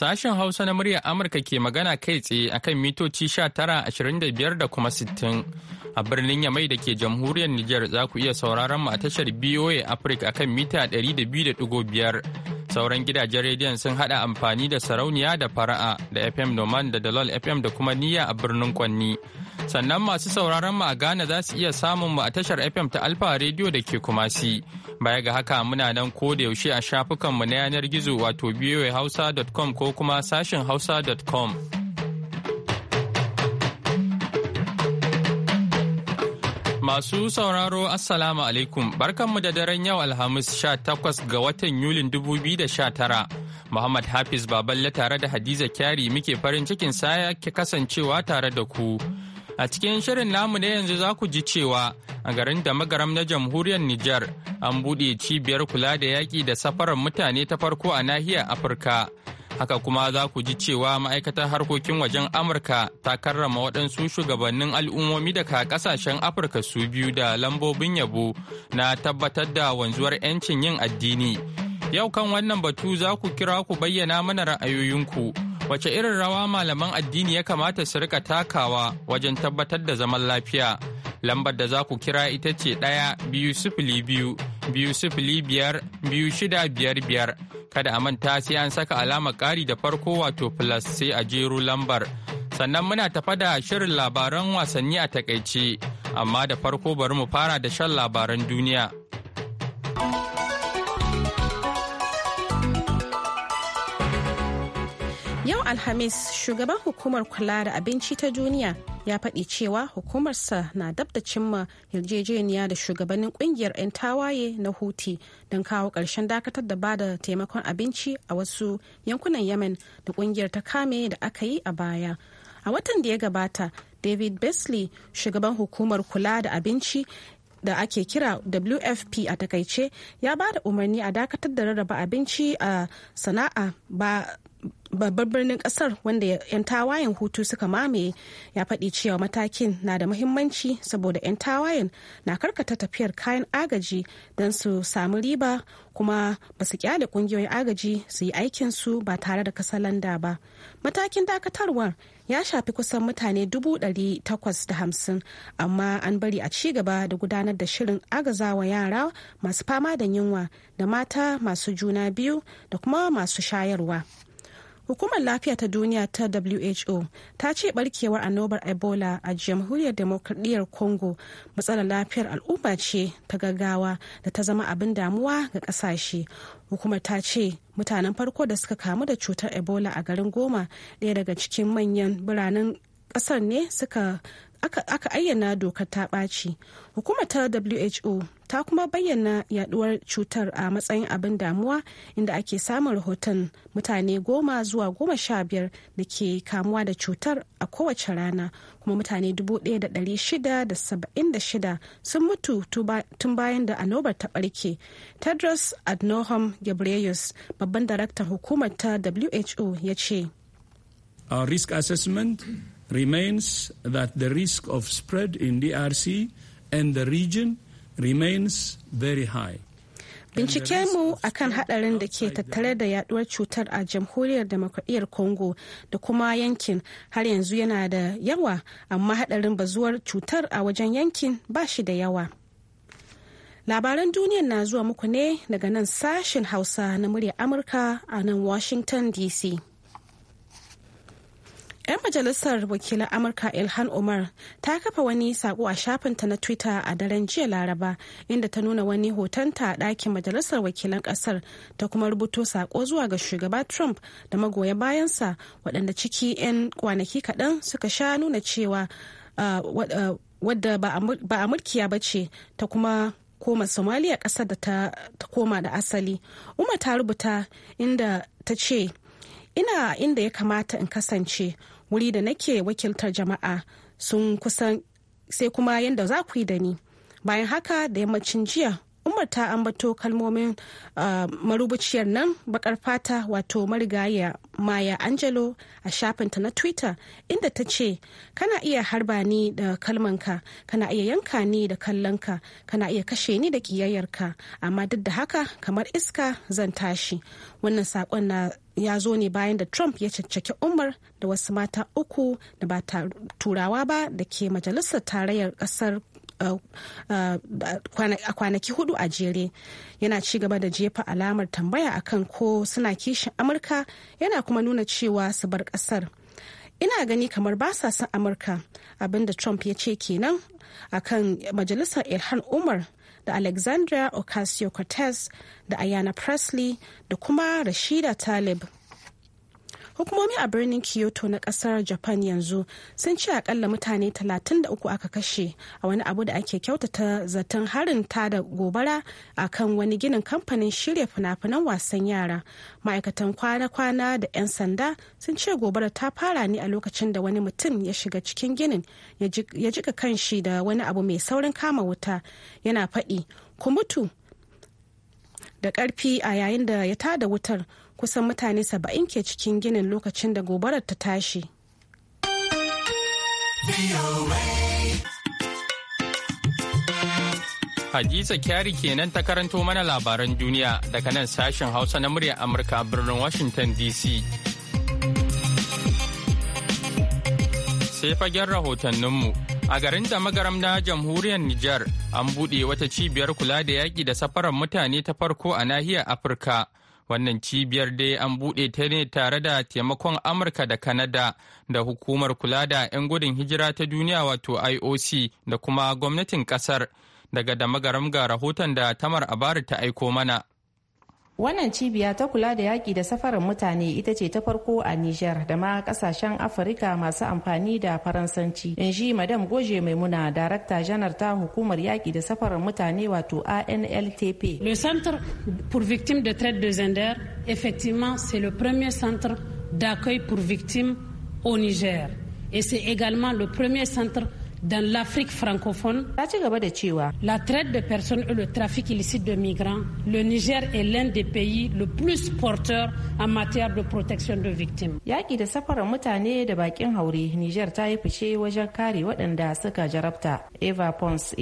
Sashen Hausa na muryar Amurka ke magana kai tsaye akan mitoci tara 1925 da kuma sittin a birnin Yamai da ke jamhuriyar Nijar za ku iya sauraron mu a tashar BOA Africa akan mita ɗari 200.5 sauran gidajen rediyon sun haɗa amfani da sarauniya da fara'a da FM Noman da Dalol FM da kuma niyya a birnin Kwanni. sannan masu sauraron mu a Ghana za su iya samun mu a tashar FM ta Alfa Radio da ke Kumasi. Baya ga haka muna nan ko da yaushe a shafukan mu na yanar gizo wato voahausa.com ko kuma sashin hausa.com. Masu sauraro Assalamu alaikum barkanmu da daren yau Alhamis 18 ga watan Yulin 2019. Muhammad Hafiz Baballe tare da Hadiza Kyari muke farin cikin saya ke kasancewa tare da ku. A cikin shirin namu na yanzu za ku ji cewa a garin da magaram na jamhuriyar Nijar an buɗe cibiyar kula da yaƙi da safarar mutane ta farko a nahiyar Afirka. Haka kuma za ku ji cewa ma'aikatar harkokin wajen Amurka ta karrama waɗansu shugabannin al'ummomi daga ƙasashen Afirka su biyu da lambobin yabo na tabbatar da wanzuwar 'yancin yin addini. Yau kan wannan batu za ku kira ku bayyana mana ra'ayoyinku. Wace irin rawa malaman addini ya kamata su rika takawa wajen tabbatar da zaman lafiya? Lambar da za ku kira ita ce ɗaya biyu sifili biyu biyu sifili biyar biyu shida biyar biyar. Kada a manta sai an saka alamar ƙari da farko wato plus sai a jero lambar. Sannan muna tafa da shirin labaran wasanni a takaice, amma da farko bari mu fara da shan labaran duniya. Yau Alhamis shugaban hukumar kula da abinci ta duniya ya faɗi cewa hukumarsa na dab da cimma yarjejeniya da shugabannin kungiyar 'yan tawaye na Huti don kawo ƙarshen dakatar da bada taimakon abinci a wasu yankunan Yemen da kungiyar ta kame da aka yi a baya. A watan da ya gabata, David besley shugaban hukumar kula da abinci, da ake kira wfp a takaice ya ba da umarni a dakatar da rarraba abinci a sana'a ba babbar birnin kasar wanda 'yan tawayen hutu suka mamaye ya faɗi cewa matakin na da muhimmanci saboda 'yan tawayen na karkata tafiyar kayan agaji don su samu riba kuma ba su kyale kungiyoyin agaji su yi aikinsu ba tare da kasalanda ba matakin dakatarwar ya shafi kusan mutane dubu ɗari takwas da hamsin amma an bari a ci gaba da gudanar da shirin agazawa yara masu fama da yunwa da mata masu juna biyu da kuma masu shayarwa. Hukumar Lafiya ta Duniya ta WHO ta ce barkewar annobar Ebola a jamhuriyar demokradiyyar Congo matsalar lafiyar al'umma ce ta gaggawa da ta zama abin damuwa ga kasashe. Hukumar ta ce mutanen farko da suka kamu da cutar Ebola a garin Goma ɗaya daga cikin manyan biranen kasar ne suka aka ayyana dokar ta ɓaci hukumar ta who ta kuma bayyana yaduwar cutar a matsayin abin damuwa inda ake samun rahoton mutane goma zuwa goma sha biyar da ke kamuwa da cutar a kowace rana kuma mutane dubu ɗaya da ɗari shida da da shida sun mutu tun bayan da annobar ta ɓarke tedros adnohom ghebreyesus babban daraktan hukumar ta who ya ce a risk assessment remains that the risk of spread in DRC and the region remains very high. mu a kan haɗarin da ke tattare da yaduwar cutar a jamhuriyar demokradiyyar Congo da kuma yankin har yanzu yana da yawa amma haɗarin bazuwar cutar a wajen yankin ba shi da yawa. Labaran duniyar na zuwa muku ne daga nan sashen Hausa na murya Amurka a nan Washington DC. 'Yan majalisar wakilan Amurka Ilhan Omar ta kafa wani sako a shafinta na Twitter a daren jiya Laraba inda ta nuna wani hotonta a ɗakin majalisar wakilan ƙasar ta kuma rubuto sako zuwa ga shugaba Trump da magoya bayansa waɗanda ciki 'yan kwanaki kaɗan suka sha nuna cewa wadda ba a mulkiya ba ce ta kuma koma somaliya ƙasar da ta koma da asali. Umar ta rubuta inda ta ce ina inda ya kamata in kasance wuri da nake wakiltar jama'a sun kusan sai kuma yadda za ku yi da ni bayan haka da yammacin jiya hukumar ta ambato kalmomin uh, marubuciyar nan bakar fata wato marigaya maya angelo a shafinta na twitter inda ta ce kana iya harba ni da kalmanka kana iya yanka ni da kallonka kana iya kashe ni da kiyayyarka amma duk da haka kamar iska zan tashi wannan saƙon na ya zo ne bayan da trump ya caccaki umar da wasu mata uku da ba turawa ba da ke majalisar tarayyar kasar Uh, uh, a kwanaki hudu a jere yana ci gaba da jefa alamar tambaya akan ko suna kishin amurka yana kuma nuna cewa su bar kasar ina gani kamar ba sa son amurka abinda trump ya ce kenan akan majalisar ilhan umar da alexandria ocasio-cortez da ayana presley da kuma rashida talib hukumomi a birnin kyoto na kasar japan yanzu sun ce akalla mutane 33 aka kashe a wani abu da ake kyautata zaton harin da gobara a kan wani ginin kamfanin shirya fina-finan wasan yara ma'aikatan kwana-kwana da 'yan sanda sun ce gobara ta fara ne a lokacin da wani mutum ya shiga cikin ginin ya jika kanshi da wani abu mai saurin kama wuta yana faɗi ku mutu da ƙarfi a yayin da ya tada wutar kusan mutane saba'in ke cikin ginin lokacin da gobarar ta tashi. Hadiza Kyari kenan ta karanto mana labaran duniya daga nan sashen Hausa na muryar Amurka birnin Washington DC. Sai fagen rahotanninmu a garin da magaram na jamhuriyar Nijar an buɗe wata cibiyar kula da yaƙi da safarar mutane ta farko a nahiyar Afirka Wannan cibiyar dai an buɗe ta ne tare da taimakon Amurka da Kanada da hukumar kula da 'yan gudun hijira ta duniya wato IOC da kuma gwamnatin ƙasar daga da magaram ga rahoton da Tamar Abari ta aiko mana. Wannan cibiya ta kula da yaƙi da safarin mutane ita ce ta farko a Nijar da ma ƙasashen Afirka masu amfani da Faransanci. In ji Madam Goje Maimuna, Darakta Janar ta Hukumar Yaƙi da Safarin Mutane wato ANLTP. Le Centre pour Victimes de Traite de Zender, effectivement, c'est le premier centre d'accueil pour victimes au Niger. Et c'est également le premier centre dans l'Afrique francophone. La traite de personnes et le trafic illicite de migrants, le Niger est l'un des pays le plus porteur en matière de protection de victimes. Niger Eva Pons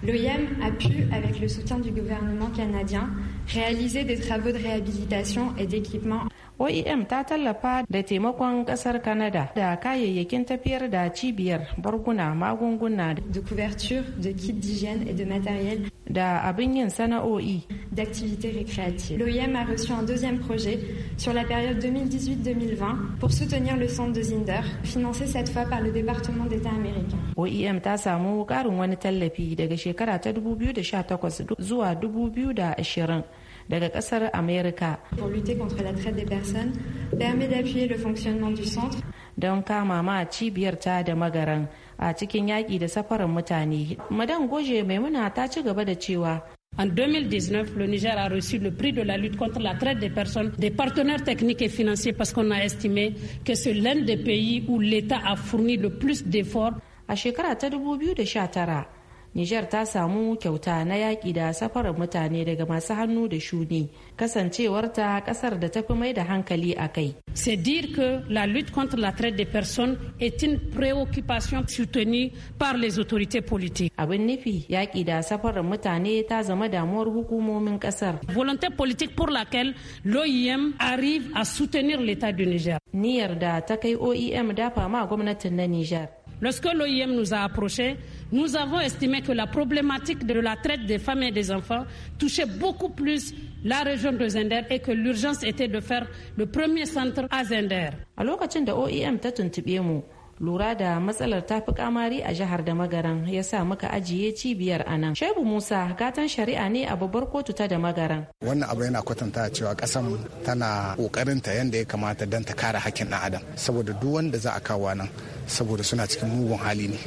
L'OIM e a pu, avec le soutien du gouvernement canadien, réaliser des travaux de réhabilitation et d'équipement oem ta tallafa da taimakon kasar canada da kayayyakin tafiyar da cibiyar barguna magunguna de couverture de kit d'hygiène et de matériel da abin yin sana'o'i d'activités récréatives L'OIM e a reçu un deuxième projet sur la période 2018-2020 pour soutenir le centre de zinder financé cette fois par le département d'état américain oem ta samu karin wani tallafi daga shekara ta 2018 zuwa 2020 pour lutter contre la traite des personnes, permet d'appuyer le fonctionnement du centre. Don kama ma cibiyar ta da magaran a cikin yaƙi da mutane. Madan Goje ta ci gaba da cewa En 2019, le Niger a reçu le prix de la lutte contre la traite des personnes des partenaires techniques et financiers parce qu'on a estimé que c'est l'un des pays où l'État a fourni le plus d'efforts. de shekara ta 2019, Nijar ta samu kyauta na yaƙi da safarar mutane daga masu hannu da shuni kasancewarta ƙasar da ta fi mai da hankali a kai. C'est dire que la lutte contre la traite des personnes est une préoccupation soutenue par les autorités politiques. Abin nufi yaƙi da safarar mutane ta zama damuwar hukumomin ƙasar. Volonté politique pour laquelle l'OIM arrive à soutenir l'État de Niger. niyar da ta kai OIM dafa ma gwamnatin na Niger. Lorsque l'OIM nous a approché, Nous avons estimé que la problématique de la traite des femmes et des enfants touchait beaucoup plus la région de Zender et que l'urgence était de faire le premier centre à Zender. A lokacin da OEM ta tuntuɓe mu, lura da matsalar ta fi kamari a jihar da magaran ya sa muka ajiye cibiyar a nan shaibu musa gatan shari'a ne a babbar kotu ta da magaran wannan abu yana kwatanta cewa kasan tana kokarin yadda ya kamata don ta kare hakkin ɗan adam saboda duk wanda za a kawo nan saboda suna cikin mugun hali ne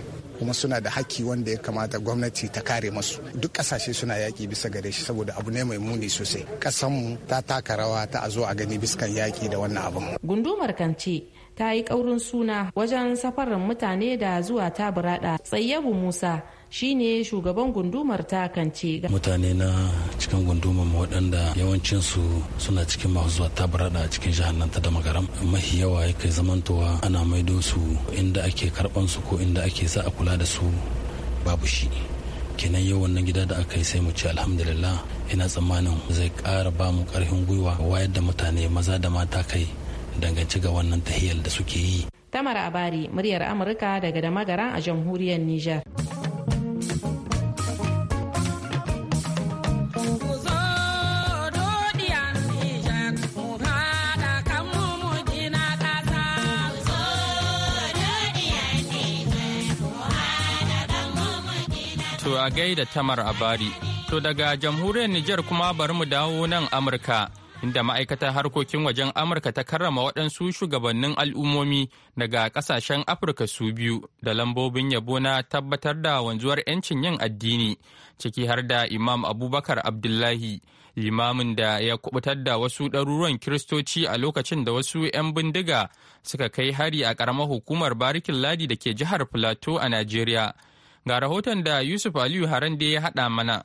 kuma suna da haƙƙi wanda ya kamata gwamnati ta kare masu duk ƙasashe suna yaƙi bisa gare shi saboda abu ne mai muni sosai ƙasanmu ta taka rawa ta a zo a gani biskan yaƙi da wannan abin gundumar kance ta yi ƙaurin suna wajen safarin mutane da zuwa ta burada tsayyabu musa shine shugaban gundumar ta kance mutane na cikin gundumar mu waɗanda yawancinsu suna cikin masu zuwa tabarada a cikin jihar nan ta da mahi yawa yake zamantowa ana maido su inda ake karban su ko inda ake sa a kula da su babu shi kenan yau wannan gida da aka yi sai mu ci alhamdulillah ina tsammanin zai ƙara ba mu ƙarfin gwiwa wayar da mutane maza da mata kai dangance ga wannan tahiyar da suke yi. Tamara Abari, muryar Amurka daga damagaran a jamhuriyar Nijar. a gaida Tamar Abari. To daga jamhuriyar Nijar kuma bari mu dawo nan Amurka. Inda ma'aikatar harkokin wajen Amurka ta karrama waɗansu shugabannin al'ummomi daga ƙasashen Afirka su biyu da lambobin yabo na tabbatar da wanzuwar 'yancin yin addini, ciki har da Imam Abubakar Abdullahi, limamin da ya kubutar da wasu ɗaruruwan Kiristoci a lokacin da wasu 'yan bindiga suka kai hari a ƙaramar hukumar Barikin Ladi da ke jihar Plateau a Najeriya. Ga rahoton da Yusuf Aliyu Harande ya haɗa mana.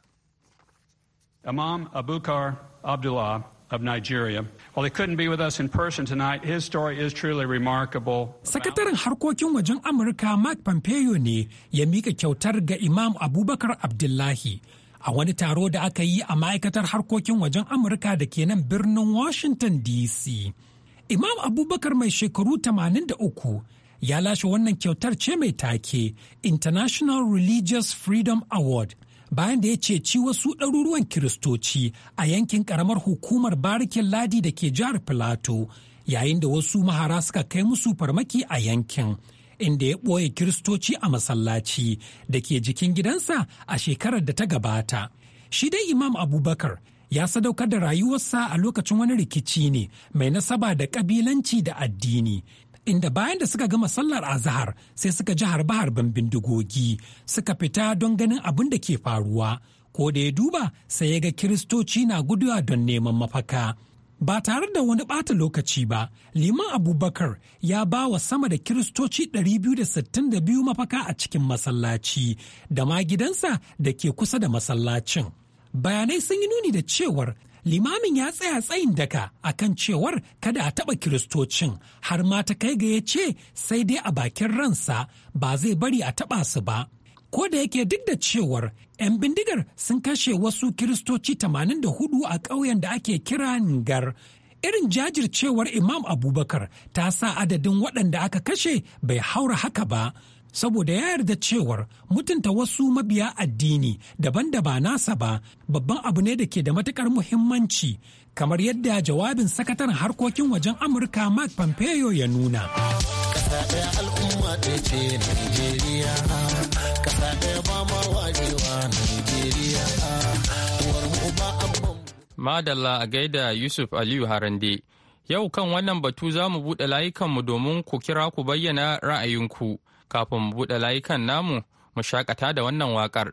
Imam Abubakar Abdullah of Nigeria. While he couldn't be with us in person tonight, his story is truly remarkable. Sakataren harkokin wajen Amurka Mark Pompeo ne ya mika kyautar ga Imam Abubakar Abdullahi a wani taro da aka yi a ma'aikatar harkokin wajen Amurka da ke nan birnin Washington DC. Imam Abubakar mai shekaru 83 ya lashe wannan kyautar ce mai take International Religious Freedom Award bayan da ya ceci wasu ɗaruruwan Kiristoci a yankin ƙaramar hukumar barikin ladi da ke jihar Filato yayin da wasu mahara suka kai musu farmaki a yankin. inda ya ɓoye kiristoci a masallaci da ke jikin gidansa a shekarar da ta gabata. Shi dai Imam Abubakar ya sadaukar da rayuwarsa a lokacin wani rikici ne mai nasaba da ƙabilanci da addini inda bayan da suka gama sallar azahar sai suka ji harbahar bindigogi suka fita don ganin abin da ke faruwa ko da ya duba sai ya ga kiristoci na guduwa don neman mafaka ba tare da wani ɓata lokaci ba liman abubakar ya ba wa sama da kiristoci 262 mafaka a cikin masallaci da ma gidansa da ke kusa da masallacin bayanai sun yi nuni da cewar limamin ya tsaya tsayin daka a kan cewar kada a taɓa kiristocin har ma ta kai ga ya ce sai dai a bakin ransa ba zai bari a taɓa su ba. Ko da yake duk da cewar 'yan bindigar sun kashe wasu kiristoci tamanin da 84 a ƙauyen da ake kira Ngar. Irin jajircewar Imam Abubakar ta sa adadin waɗanda aka kashe bai haura haka ba. saboda ya yarda cewar mutunta wasu mabiya addini daban da ba nasa ba babban abu ne da ke da matukar muhimmanci kamar yadda jawabin sakataren harkokin wajen amurka mark pompeo ya nuna madalla a gaida yusuf aliyu harande yau kan wannan batu za mu buɗe layukanmu domin ku kira ku bayyana ra'ayinku kafin mu buɗe layukan namu mu shaƙata da wannan waƙar.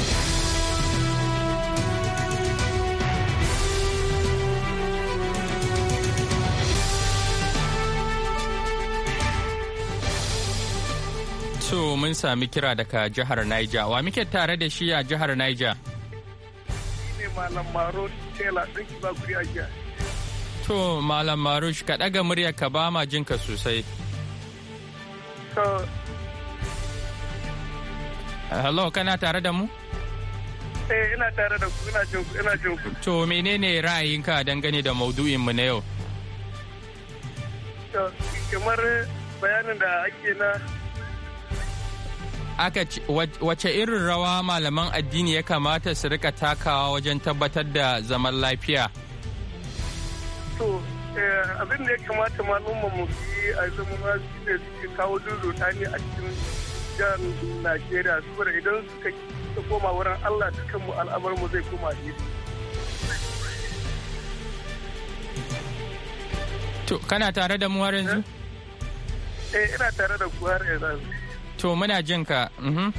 mun sami kira daga jihar Niger. Wa muke tare da shi a jihar Niger? ne Malam Marush Tela ɗin Kibakuri a jiya. To Malam Marush ka ɗaga murya ka ba ma jinka sosai. Hello, kana tare da mu? Eh, ina tare da ku, ina jin ku, ina jin ku. To, menene ra'ayinka dangane da maudu'in mu na yau? kamar bayanin da ake na aka wace irin rawa malaman addini ya kamata su rika takawa wajen tabbatar da zaman lafiya? To, eh, abin da ya kamata malumma mu yi a zama su ne suke kawo duruta ne a cikin jihar Najeriya saboda idan suka koma wurin Allah dukan mu al'amar mu zai koma ne To, kana tare da mu har yanzu? Eh, ina tare da ku har yanzu. To muna jin ka. Mhm.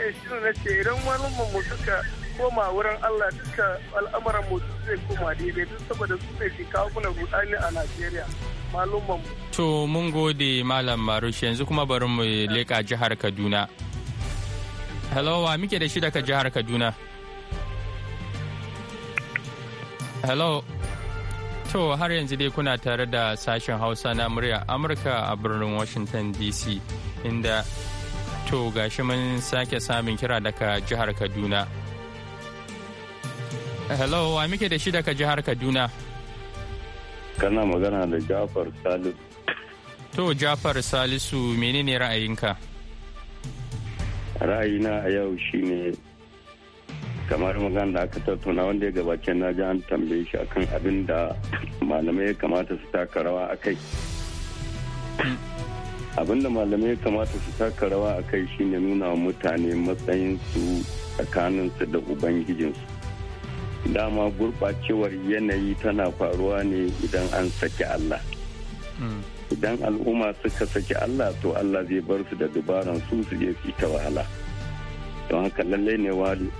Eh na ce idan wani mu suka koma wurin Allah duka al'amuran mu zai koma daidai duk saboda su ne fi kawo kuna rudani a Najeriya. Malaman To mun gode Malam Marushi yanzu kuma bari mu leƙa jihar Kaduna. Hello wa muke da shi daga jihar Kaduna? Hello. To har yanzu dai kuna tare da sashen Hausa na murya Amurka a birnin Washington DC inda to gashi mun sake samun kira daga jihar Kaduna. Hello, wa muke da shi daga jihar Kaduna? Kana magana da Jafar Salisu. To Jafar Salisu menene ra'ayinka? Ra'ayina a yau shine kamar magana da aka tattauna wanda ya gabace na ji an tambaye shi akan abin da malamai ya kamata su taka rawa a kai abin da malamai ya kamata su taka rawa a kai shine nuna wa mutane matsayinsu tsakaninsu da ubangijinsu dama gurɓacewar yanayi tana faruwa ne idan an saki allah idan al'umma suka saki allah to allah zai bar su da dubaran su su je su ta wahala. don haka lallai ne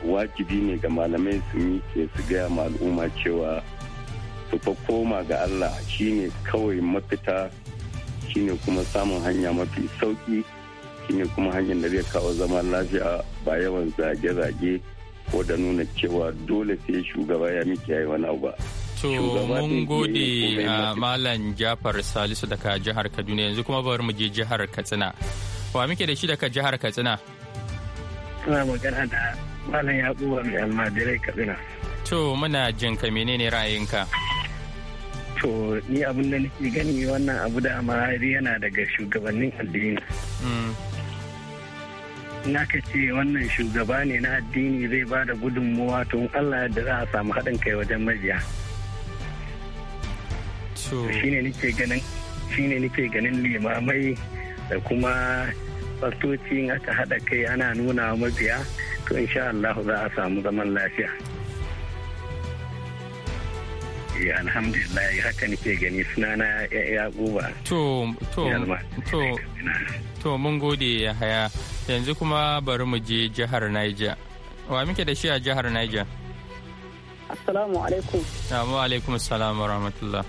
wajibi ne ga malamai su miƙe su gaya ma al'umma cewa su fa koma ga Allah shine kawai mafita shine kuma samun hanya mafi sauki shine kuma hanyar da zai kawo zaman lafiya ba yawan zage-zage ko da nuna cewa dole sai shugaba ya miki yayi wani abu ba. To mun gode a ah, Malam Jafar Salisu daga jihar Kaduna yanzu kuma bari mu je jihar Katsina. Wa muke da shi daga jihar Katsina? suna magana da malam yakuba mai almajirai katsina to muna jin ka menene ra'ayinka to ni abin da nake gani wannan abu da mahari yana daga shugabannin addini mm. na ka ce wannan shugaba ne na addini zai ba da gudunmuwa to allah yadda za a samu haɗin kai wajen majiya shine nake ganin limamai da kuma in aka haɗa kai ana nuna mabiya to insha Allah za a samu zaman lafiya. ya alhamdulillah haka nake gani sunana ya guba to to to to mun gode ya haya yanzu kuma bari mu je jihar Niger wa muke da shi a jihar Niger assalamu alaikum assalamu ah, alaikum assalam wa rahmatullah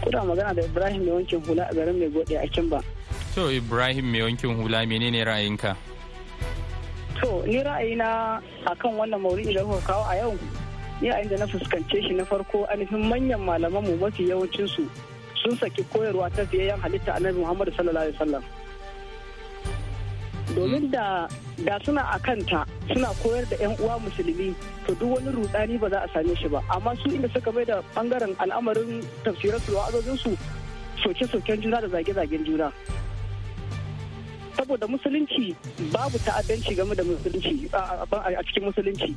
kuna magana da Ibrahim da wancan hula a garin mai gode a Kimba To Ibrahim mai wankin hula menene ra'ayinka? To ni ra'ayina kan wannan maudu'i da kuka kawo a yau yayin da na fuskance shi na farko ainihin manyan malaman mu mafi yawancin su sun saki koyarwa ta fiyayyen halitta Annabi Muhammad sallallahu alaihi wasallam. Domin da da suna a kanta suna koyar da 'yan uwa musulmi to duk wani rudani ba za a same shi ba amma su inda suka bai da bangaren al'amarin tafsirar su wa'azozin su soke-soken juna da zage-zagen juna. saboda musulunci babu ta'addanci game da musulunci a cikin musulunci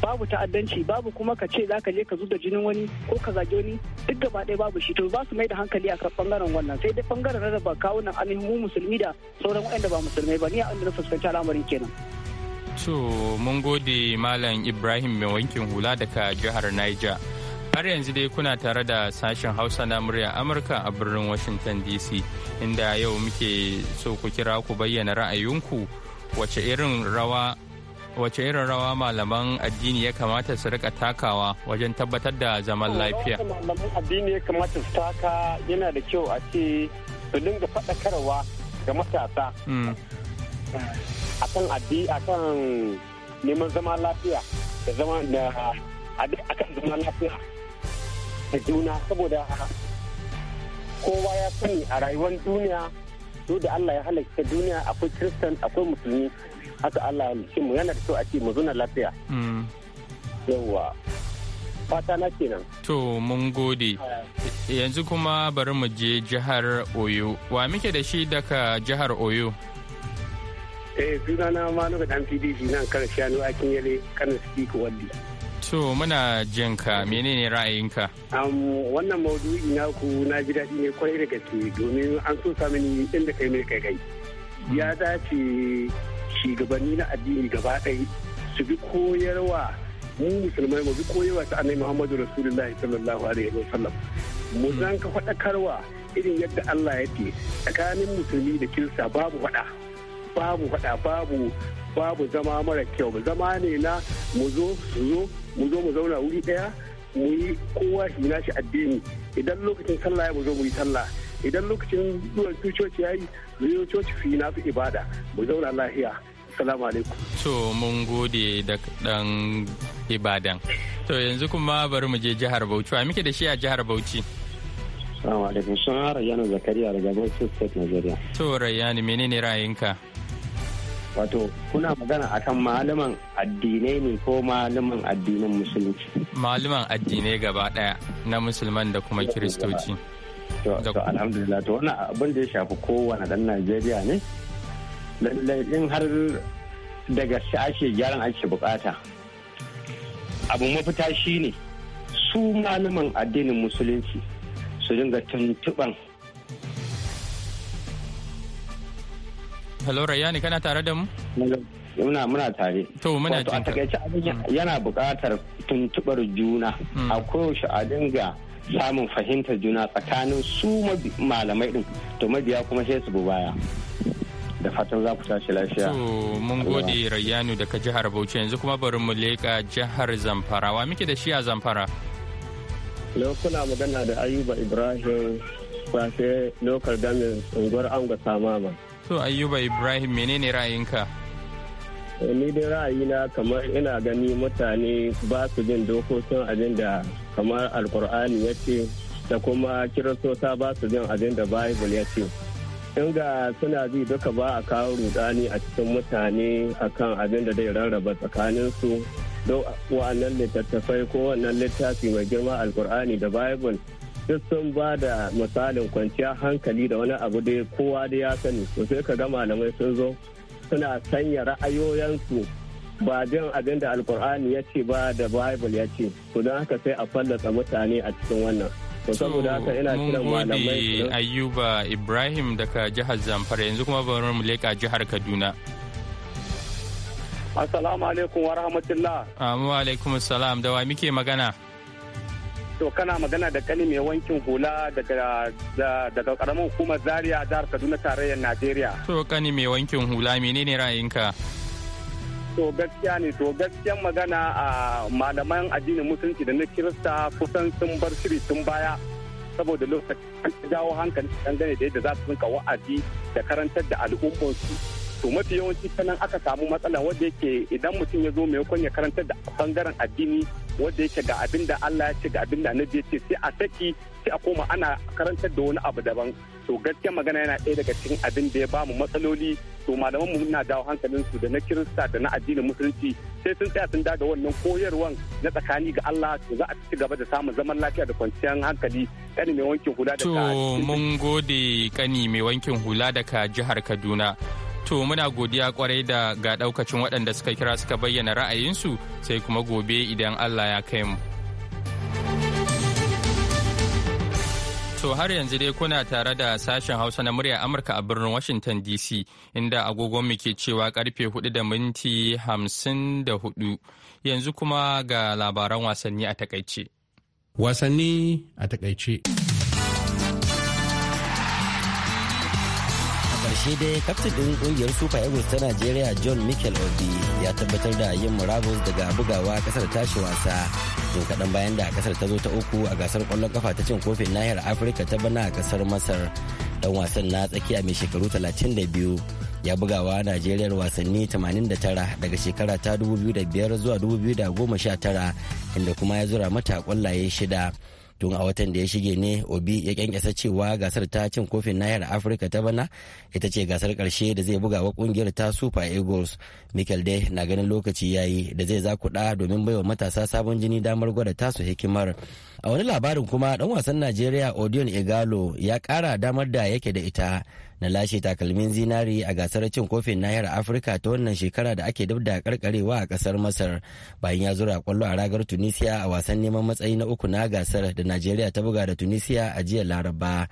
babu ta'addanci babu kuma ka ce zaka je ka zuba jinin wani ko ka zage wani duk gaba ɗaya babu shi to ba su mai da hankali a bangaren wannan sai dai bangaren rarraba kawunan ainihin mu musulmi da sauran waɗanda ba musulmai ba ni a inda na fuskanci al'amarin kenan. to mun gode malam ibrahim mai wankin hula daga jihar niger Har yanzu dai kuna tare da sashen Hausa na murya Amurka a birnin Washington DC inda yau muke so ku kira ku bayyana ra'ayinku wace irin rawa wace irin rawa malaman addini ya kamata su rika takawa wajen tabbatar da zaman lafiya. Malaman addini ya kamata su taka yana da kyau a ce su dinga faɗakarwa ga matasa. Hmm. Akan addini akan neman zaman lafiya da zaman da akan zaman lafiya. da juna saboda kowa ya sani a rayuwar duniya su da Allah ya halarci duniya akwai kiristan akwai musulmi haka Allah ya mu yana da so a ce mu zuna lafiya mm. yawwa fata na kenan to mun gode yanzu kuma bari mu je jihar Oyo wa muke da shi daga jihar Oyo eh sunana Manuka dan PDP nan kan shanu akin yale kan speak wadi To muna jin menene ra'ayinka? wannan maudu'i naku na ji daɗi ne kwarai da gaske domin an so mini inda kai mai kai kai. Ya mm. dace shugabanni na addini gaba ɗaya su bi koyarwa mu musulmai mu bi koyarwa ta annabi Muhammadu Rasulullahi sallallahu alaihi wa sallam. Mu mm. zan ka faɗakarwa irin yadda Allah ya ce tsakanin musulmi da kirista babu faɗa. Babu faɗa babu babu zama mara kyau zama ne na mu zo su zo mu zo mu zauna wuri ɗaya mu yi kowa shi na shi addini idan lokacin sallah ya mu zo mu yi sallah idan lokacin zuwan coci ya yi zuwa coci fi na fi ibada mu zauna lahiya assalamu alaikum to mun gode da dan ibadan to yanzu kuma bari mu je jihar bauchi wa muke da shi a jihar bauchi assalamu alaikum sun rayyana zakariya daga bauchi state nigeria to rayyani menene ra'ayinka wato kuna magana akan malaman addinai ne ko malaman addinin musulunci malaman addinai gaba daya na musulman da kuma kiristoci to alhamdulillah to wannan abin da ya shafi kowane dan najeriya ne in har daga shi ake gyaran ake bukata abu mafita shi ne su malaman addinin musulunci su dinga tuntuban hello Rayani kana tare da mu? Muna muna tare. To muna jin ka. Wato a mm. yana buƙatar tuntuɓar juna. Mm. A koyaushe a dinga samun fahimtar juna tsakanin su malamai din to mabiya kuma sai su baya. da fatan za ku tashi lafiya. To mun gode Rayyanu daga jihar Bauchi yanzu kuma bari mu leƙa jihar Zamfara wa muke da shi a Zamfara. Lokuna magana da Ayuba Ibrahim kwafe lokal gamin unguwar Angwa Samama. so Ayuba Ibrahim menene ra'ayinka? Eh, ni ra'ayi ra'ayina kamar ina gani mutane ba su jin dokokin abin da kamar alkur'ani ya ce da kuma kiristota ba su jin abin da Bible ya ce. ga suna bi duka ba a kawo rudani a cikin mutane akan abin da zai rarraba tsakaninsu don wa'annan littattafai ko wannan littafi mai girma alkur'ani da Bible duk sun ba da misalin kwanciyar hankali da wani abu da kowa da ya sani to sai ka ga malamai sun zo suna sanya ra'ayoyinsu ba jin abin da alkur'ani ya ce ba da bible ya ce to don haka sai a fallasa mutane a cikin wannan to saboda haka ina kiran malamai ayuba ibrahim daga jihar zamfara yanzu kuma bari mu leka jihar kaduna assalamu alaikum wa rahmatullah wa alaikum assalam da wa muke magana to kana magana da kani mai wankin hula daga karamin hukumar zaria jihar kaduna tarayyar najeriya to kani mai wankin hula menene ra'ayinka to gaskiya ne to gaskiyan magana a malaman addinin musulunci da na kirista kusan sun bar shiri tun baya saboda lokacin jawo hankali dangane da yadda za su rinka wa'azi da karantar da al'ummarsu to mafi yawanci sanan aka samu matsala wanda yake idan mutum ya zo mai ya karantar da bangaren addini wanda yake ga abin da Allah ya ce ga abin da annabi ya ce sai a saki sai a koma ana karantar da wani abu daban to gaskiya magana yana ɗaya daga cikin abin da ya ba mu matsaloli to malaman mu na dawo hankalin su da na kirista da na addinin musulunci sai sun tsaya sun daga wannan koyarwan na tsakani ga Allah to za a ci gaba da samun zaman lafiya da kwanciyar hankali kani mai wankin hula da to mun gode kani mai wankin hula daga jihar Kaduna To muna godiya kwarai da ga daukacin waɗanda suka kira suka bayyana ra'ayinsu sai kuma gobe idan Allah ya kai mu. To har yanzu dai kuna tare da sashen Hausa na murya Amurka a birnin Washington DC inda agogon mu ke cewa karfe 4 da minti 54 yanzu kuma ga labaran wasanni a takaice. Wasanni a takaice. ƙarshe dai kaftin ɗin ƙungiyar super eagles ta najeriya john michael obi ya tabbatar da yin murabus daga bugawa kasar tashi wasa jin kaɗan bayan da kasar ta zo ta uku a gasar ƙwallon kafa ta cin kofin nahiyar afirka ta bana a kasar masar dan wasan na tsakiya mai shekaru 32 ya bugawa najeriyar wasanni 89 daga shekara ta 2005 zuwa tara inda kuma ya zura mata ƙwallaye shida tun a watan da ya shige ne obi ya kyankyasa cewa gasar ta cin kofin nahiyar afirka ta bana ita ce gasar karshe da zai buga wa kungiyar ta super eagles michael day na ganin lokaci yayi da zai zakuɗa domin baiwa matasa sabon jini damar gwada tasu hikimar a wani labarin kuma dan wasan najeriya odion igalo ya kara damar da yake da ita na lashe takalmin zinari a gasar cin kofin nahiyar afirka ta wannan shekara da ake dab da karkarewa a kasar masar bayan ya zura kwallo a ragar tunisia a wasan neman matsayi na uku na gasar da najeriya ta buga da tunisia a jiya laraba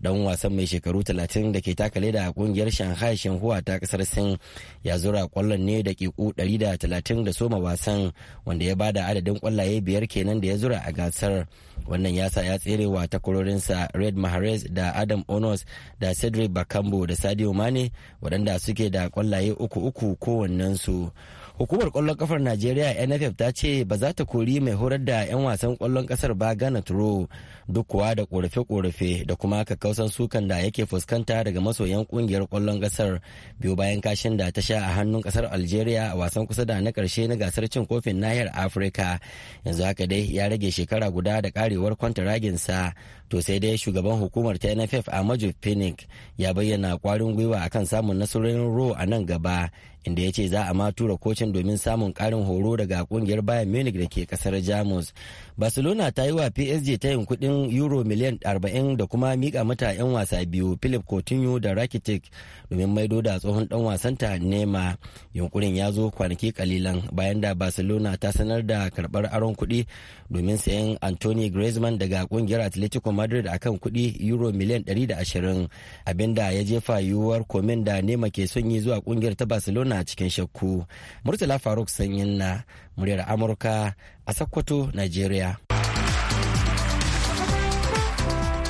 dan wasan mai shekaru talatin da ke takale da kungiyar shanghai shenhua ta kasar sin ya zura kwallon ne da kiku 130 da soma wasan wanda ya bada adadin kwallaye biyar kenan da ya zura a gasar wannan ya sa ya tserewa takwarorinsa red mahrez da adam onos da cedric Kambo da Sadio Mane waɗanda suke da kwallaye uku uku kowannensu. Hukumar kwallon kafar Najeriya NFF ta ce ba za ta kori mai horar da 'yan wasan kwallon kasar ba Ghana Turo duk kuwa da korafe-korafe da kuma kakkausan sukan da yake fuskanta daga masoyan kungiyar kwallon kasar biyu bayan kashin da ta sha a hannun kasar Algeria a wasan kusa da na karshe na gasar cin kofin nahiyar Afirka. Yanzu haka dai ya rage shekara guda da karewar raginsa. to sai dai shugaban hukumar ta nff a phoenix ya bayyana kwarin gwiwa akan samun nasarorin ro a nan gaba inda ya ce za a ma tura kocin domin samun karin horo daga kungiyar bayan Munich da ke kasar Jamus. Barcelona ta yi wa PSG tayin kudin euro miliyan 40 da kuma mika mata 'yan wasa biyu Philip Coutinho da Rakitic domin maido da tsohon dan wasan ta nema Yunkurin ya zo kwanaki kalilan bayan da Barcelona ta sanar da karbar aron kudi, domin sayan Anthony Griezmann daga kungiyar Atletico Madrid akan kudi euro miliyan 120 abinda ya jefa yiwuwar komin da nema ke son yi zuwa kungiyar ta Barcelona na cikin shakku murtala faruk sanyin na muryar amurka a sakkwato nigeria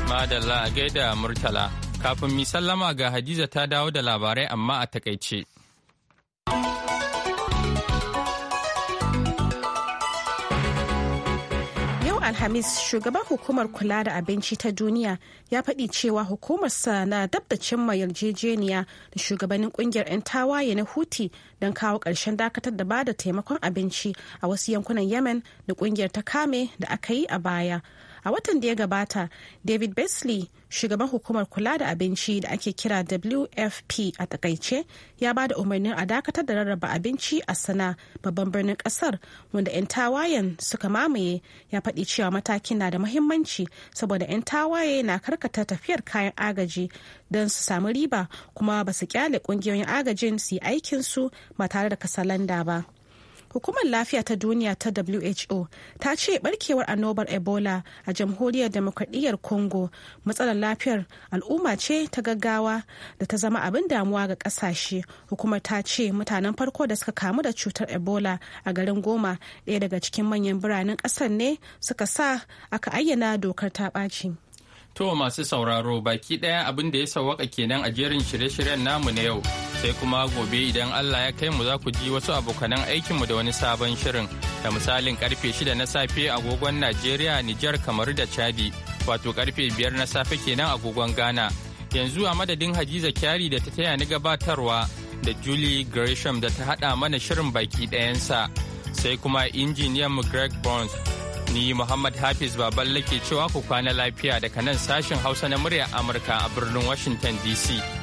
madalla a gaida murtala kafin mi sallama ga hadiza ta dawo da labarai amma a takaice Alhamis shugaban hukumar kula da abinci ta duniya ya faɗi cewa hukumarsa na dab cimma yarjejeniya da shugabannin kungiyar 'yan tawaye na Huti don kawo ƙarshen dakatar da ba da taimakon abinci a wasu yankunan Yemen da kungiyar ta kame da aka yi a baya. a watan da ya gabata david besley shugaban hukumar kula da abinci da ake kira wfp a takaice ya ba da umarnin a dakatar da rarraba abinci a sana babban birnin kasar wanda 'yan tawayen suka mamaye ya faɗi cewa matakin na da mahimmanci saboda 'yan tawaye na karkata tafiyar kayan agaji don su samu riba kuma ba su kyale kungiyoyin agajin su yi aikinsu ba tare da kasalanda ba. Hukumar Lafiya ta Duniya ta WHO ta ce barkewar annobar Ebola a jamhuriyar demokradiyyar Congo matsalar lafiyar al'umma ce ta gaggawa da ta zama abin damuwa ga kasashe. Hukumar ta ce mutanen farko da suka kamu da cutar Ebola a garin Goma ɗaya daga cikin manyan biranen ƙasar ne suka sa aka ayyana dokar ta ɓaci. To masu sauraro baki ɗaya abin da ya sauwaka kenan a jerin shirye-shiryen namu na yau sai kuma gobe idan Allah ya kai mu za ku ji wasu abokanan mu da wani sabon shirin da misalin karfe shida na safe agogon Najeriya, Nijar, kamar da Chadi wato karfe biyar na safe kenan agogon Ghana. Yanzu a madadin Hajiza Kyari da ta taya ni gabatarwa da Julie Gresham da ta haɗa mana shirin baki ɗayansa sai kuma injiniyan mu Greg Burns Ni Muhammad Hafiz Baballe ke cewa ku kwana lafiya daga nan sashin Hausa na muryar Amurka a birnin Washington DC.